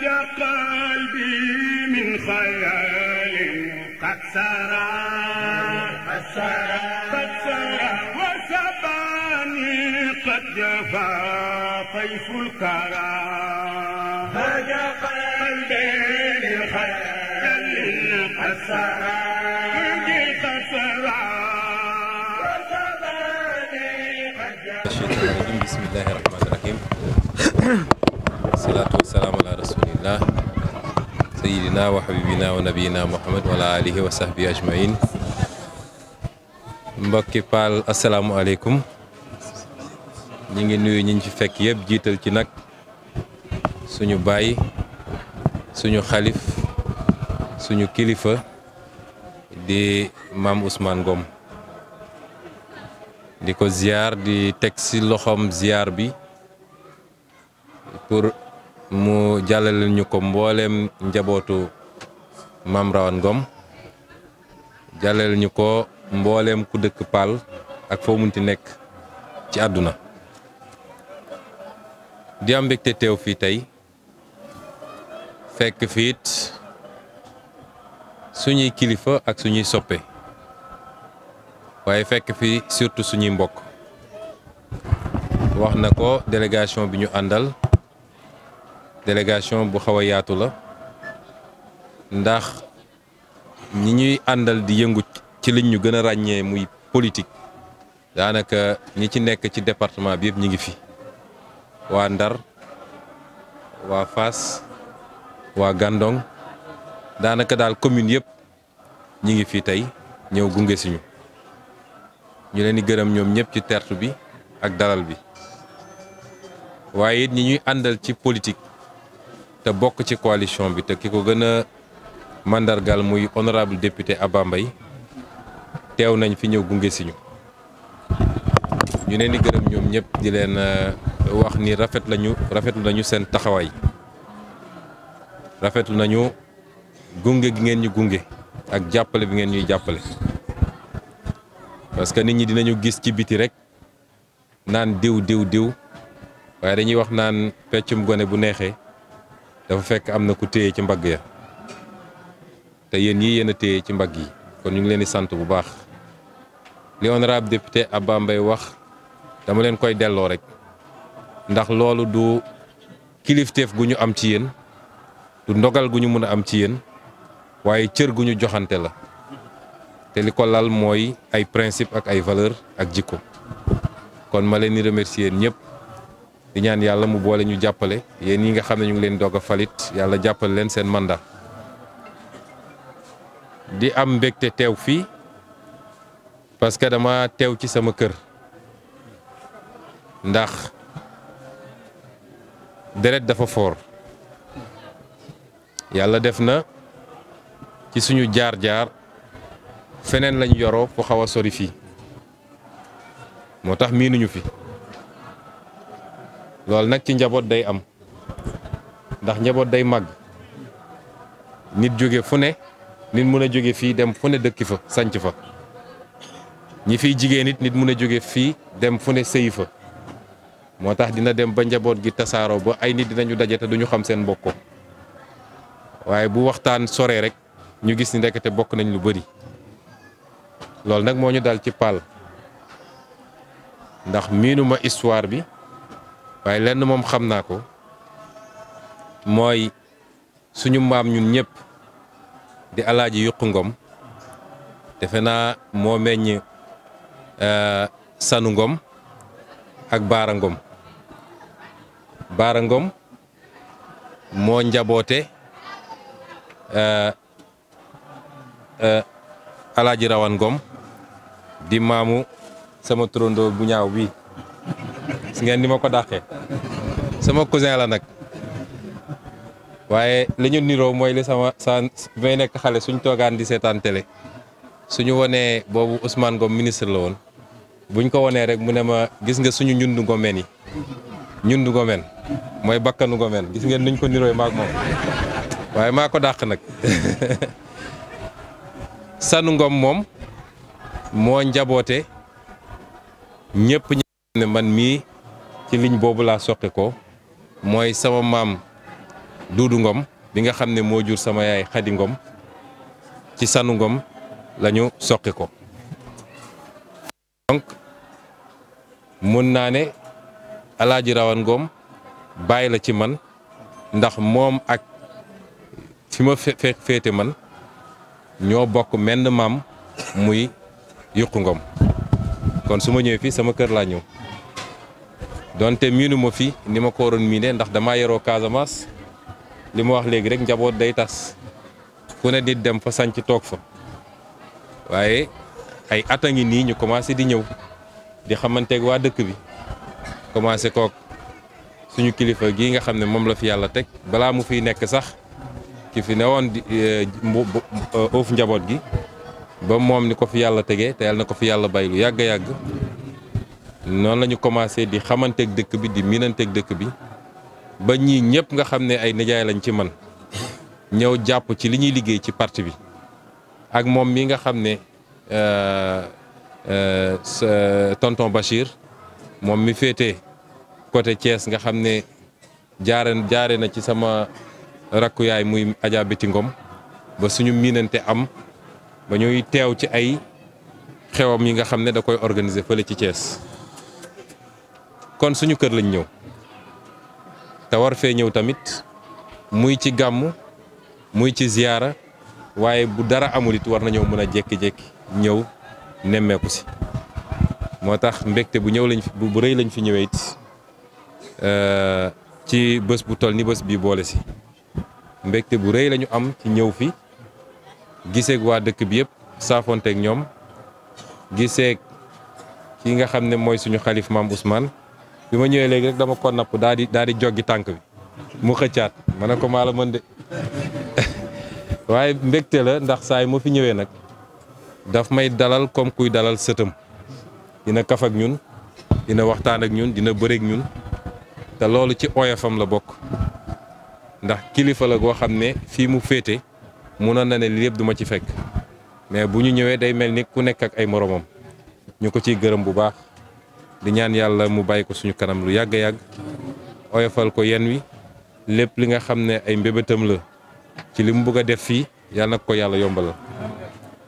نجى قلبي من خيال قد سرى قد سرى قد سرى وسباني قد جفا طيف الكرى هجى قلبي من خيال قد سرى بسم الله الرحمن الرحيم الصلاة والسلام على رسول rasulillah sayidina wa habibina wa nabiyina muhammad wala alihi wa sahbi ajmain mbokki paal asalaamualeykum ñi ngi nuyu ñiñ ci fekk yëpp jiital ci nag suñu baay suñu xalif suñu kilifa di maam Ousmane Ngom di ko ziar di teg ci loxoom ziar bi pour mu jàllale ñu ko mbooleem njabootu maam Rawane Ngom jàllale ñu ko mbooleem ku dëkk Paal ak foo munti nekk ci àdduna di am mbégte teew fii tey fekk fiit suñuy kilifa ak suñuy soppe waaye fekk fi surtout suñuy mbokk wax na ko délégation bi ñu àndal délégation bu xaw a yaatu la ndax ñi ñuy àndal di yëngu ci liñ ñu gën a ràññee muy politique daanaka ñi ci nekk ci département bi yëpp ñi ngi fi waa Ndar waa fas waa Gandon daanaka daal commune yëpp ñi ngi fi tey ñëw gunge si ñu leen di gërëm ñoom ñëpp ci tertu bi ak dalal bi waaye it ñi ñuy àndal ci politique te bokk ci coalition bi te ki ko gën a mandargal muy honorable député Abba Mbaye teew nañ fi ñëw gunge si ñu ñu leen gërëm ñoom ñëpp di leen uh, wax ni rafet lañu rafetlu nañu seen taxawaay rafetlu nañu gunge gi ngeen ñu gunge ak jàppale bi ngeen ñuy jàppale parce que nit ñi dinañu gis ci biti rek naan diw diw diw waaye dañuy wax naan peccum gone bu neexee dafa fekk am na ku téye ci mbagg ya te yéen ñii yéen a téye ci mbagg yi kon ñu ngi leen di sant bu baax li honorable député Abba Mbaye wax dama leen koy delloo rek ndax loolu du kilifteef gu ñu am ci yéen du ndogal gu ñu mën a am ci yéen waaye cër gu ñu joxante la te li ko lal mooy ay principe ak ay valeur ak jikko kon ma leen di remercier ñëpp. di ñaan yàlla mu boole ñu jàppale yéen yi nga xam ne ñu ngi leen doog falit yàlla jàppale leen seen mandat di am mbégte teew fii parce que dama teew ci sama kër ndax deret dafa foor yàlla def na ci suñu jaar-jaar feneen lañ yoroo fu xaw a sori fii moo tax miinuñu fi loolu nag ci njaboot day am ndax njaboot day màgg nit jóge fu ne nit mun a jóge fii dem fu ne dëkki fa sanc fa ñi fiy jigéen it nit mun a jóge fii dem fu ne sëyi fa moo tax dina dem ba njaboot gi tasaaroo ba ay nit dinañu daje te duñu xam seen mbokk waaye bu waxtaan soree rek ñu gis ni ndekete bokk nañ lu bari loolu nag moo ñu dal ci paal ndax miinuma histoire bi waaye lenn moom xam naa ko mooy suñu maam ñun ñëpp di alaaji yuqu ngom defe naa moo meññ euh, sanu ngom ak baara ngom baara ngom moo njaboote euh, euh, alaaji rawan ngom di maamu sama turandoo bu ñaaw bi si ngeen ni ma ko dàqee sama cousin la nag waaye li ñu niroo mooy li sama sa may nekk xale suñ toogaan di seetaan suñu wonee boobu Ousmane ministre la buñ ko wonee rek mu ne ma gis nga suñu ñundu ngomeen yi ñundu ngomeen mooy bakkanu ngomeen gis ngeen nuñ ko nirooy maak moom waaye maa ko dàq nag sanu ngom moom moo njaboote ñépp ñi ne man mii ci liñ boobu laa soqe ko mooy sama maam Duudu Ngom bi nga xam ne moo jur sama yaay Xadi ngoom ci Sanu Ngom lañu ñu soqe ko donc mun naa ne Alaaji Rawan ngoom bàyyi la ci man ndax moom ak fi ma fe féete man ñoo bokk menn maam muy yuqu Ngom kon su ma ñëwee fii sama kër laa ñëw donte miinuma ma fi ni ma ko waroon miine ndax damaa yeroo Casamance li ma wax léegi rek njaboot day tas ku ne nit dem fa sanc toog fa waaye ay at a ngi nii ñu commencé di ñëw di xamanteeg waa dëkk bi commencé kook suñu kilifa gii nga xam ne moom la fi yàlla teg balaa mu fiy nekk sax ki fi ne woon di e, uuf e, njaboot gi ba moom ni ko fi yàlla tegee te yàlla na ko fi yàlla bay lu yàgg-yàgg noonu lañu ñu commencé di xamanteeg dëkk bi di miinanteeg dëkk bi ba ñii ñëpp nga xam ne ay nijaay lañ ci man ñëw jàpp ci li ñuy liggéey ci parti bi ak moom mi nga xam ne euh, euh, tonton Bachir moom mi féete côté Thiès nga xam ne jaare jaare na ci sama rakku yaay muy Adja Beti Ngom ba suñu miinante am ba ñuy teew ci ay xewam yi nga xam ne da koy organiser fële ci Thiès. kon suñu kër lañ ñëw te war fee ñëw tamit muy ci gàmm muy ci ziyaara waaye bu dara amul it war nañoo mën a jékki-jékki ñëw nemmeeku si moo tax mbégte bu ñëw lañ bu rëy lañ fi ñëwee it euh, ci bés bu toll ni bës bi boole si mbégte bu rëy lañu am ci ñëw fi giseek waa dëkk bi yëpp saafonteeg ñoom giseeg ki nga xam ne mooy suñu xalif maam Ousmane bi ma ñëwee léegi rek dama ko napp daal di di joggi tànk bi mu xëccaat ma ne ko maa mën de waaye mbégte la ndax saa yi ma fi ñëwee nag daf may dalal comme kuy dalal sëtam dina kaf ak ñun dina waxtaan ak ñun dina bëreek ñun te loolu ci oyofam la bokk ndax kilifa la goo xam ne fii mu féete munoon na ne li yëpp duma ci fekk mais bu ñu ñëwee day mel ni ku nekk ak ay moroomam ñu ko ciy gërëm bu baax. di ñaan yàlla mu bàyyi ko suñu kanam lu yàgg yàgg oyofal ko yen wi lépp li nga xam ne ay mbébétam la ci li mu bëgg a def fii yàlla nag ko yàlla yombalal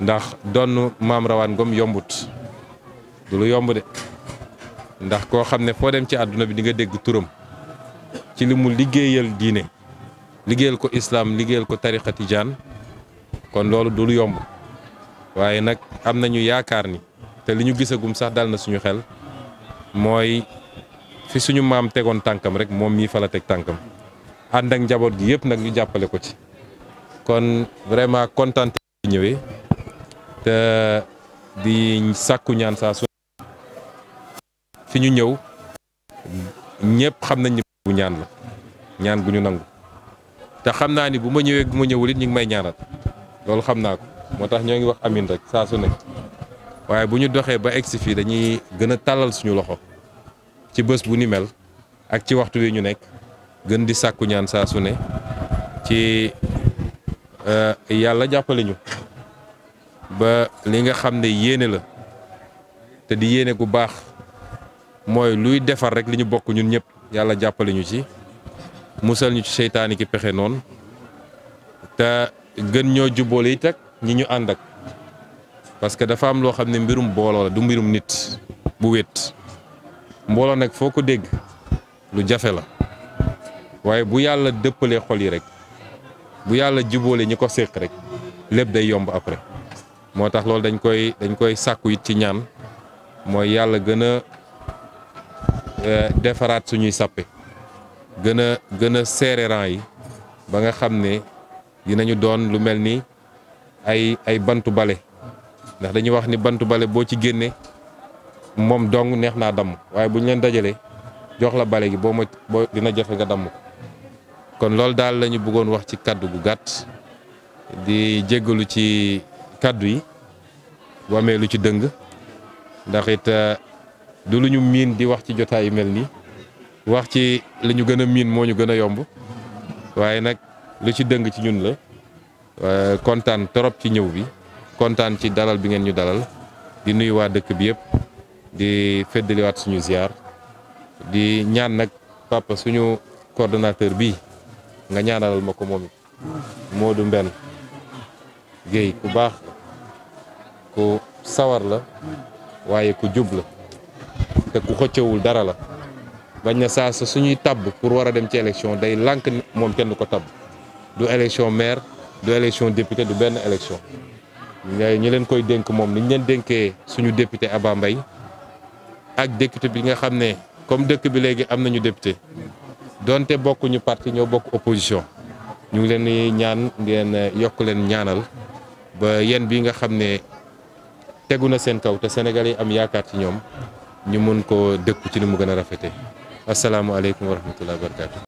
ndax donn maam rawaan ngom yombut du lu yomb de ndax koo xam ne foo dem ci àdduna bi di nga dégg turam ci li mu liggéeyal diine liggéeyal ko islaam liggéeyal ko tariqa tijaan kon loolu du lu yomb waaye nag am nañu yaakaar ni te li ñu gisagum sax dal na suñu xel mooy fi suñu maam tegoon tànkam rek moom mii fala teg tànkam ànd njaboot gi yëpp nag ñu jàppale ko ci kon vraiment kontaan ñëwee te di sàkku ñaan saa fi ñu ñëw ñëpp xam nañ ñëpp bu ñaan la ñaan gu ñu nangu te xam naa ni bu ma ñëwee bu ma ñëwul it ñu ngi may ñaanal loolu xam naa ko moo tax ñoo ngi wax amin rek saa su waaye bu ñu doxee ba egsi fii dañuy gën a tàllal suñu loxo ci bës bu ni mel ak ci waxtu wi ñu nekk gën di sàkkuñaan ñaan saa su ne ci eh, yàlla jàppale ñu ba li nga xam ne yéene la te di yéene gu baax mooy luy defar rek li ñu bokk ñun ñëpp yàlla jàppale ñu ci musal ñu ci seytaani ki pexe noonu te gën ñoo jubboole it ak ñi ñu ànd ak parce que dafa am loo xam ne mbirum booloo la du mbirum nit bu wét mbooloo nag foo ko dégg lu jafe la waaye bu yàlla dëppalee xol yi rek bu yàlla jubóole ñi ko séq rek lépp day yomb après moo tax loolu dañ koy dañ koy sàkku it ci ñaan mooy yàlla gën a euh, defaraat suñuy sàppe gën a gën a serré yi ba nga xam ne dinañu doon lu mel ni ay ay bantu bale ndax dañuy wax ni bantu bale boo ci génnee moom dong neex naa damm waaye bu ñu leen dajalee jox la bale gi boo ma dina jafe nga damm kon loolu daal lañu ñu bëggoon wax ci kaddu gu gàtt di jéggalu ci kaddu yi bu amee lu ci dëng ndax it euh, du lu ñu miin di wax ci jotaay yu mel nii wax ci li ñu gën a miin moo ñu gën a yomb waaye nag lu ci dëng ci ñun la euh, kontaan trop ci ñëw bi. kontaan ci dalal bi ngeen ñu dalal di nuyu waa dëkk bi yëpp di feddaliwaat suñu ziar di ñaan nag papa suñu coordonnateur bi nga ñaanalal ma ko moom it Modou Mbène Guèye ku baax ku sawar la waaye ku jub te ku xëccewul dara la bañ na saa sa suñuy tabb pour war a dem ci élection day lànk moom kenn ko tabb du élection maire du élection député du benn élection ñu leen koy dénk moom ni leen dénkee suñu député Aba mbay ak député bi nga xam ne comme dëkk bi léegi am nañu député donte bokkuñu parti ñoo bokk opposition ñu ngi leen di ñaan ngeen yokk leen ñaanal ba yéen bi nga xam ne tegu na seen kaw te Sénégal yi am yaakaar ci ñoom ñu mën ko dëkku ci ni mu gën a rafete asalaamualeykum wa rahmatullahi wa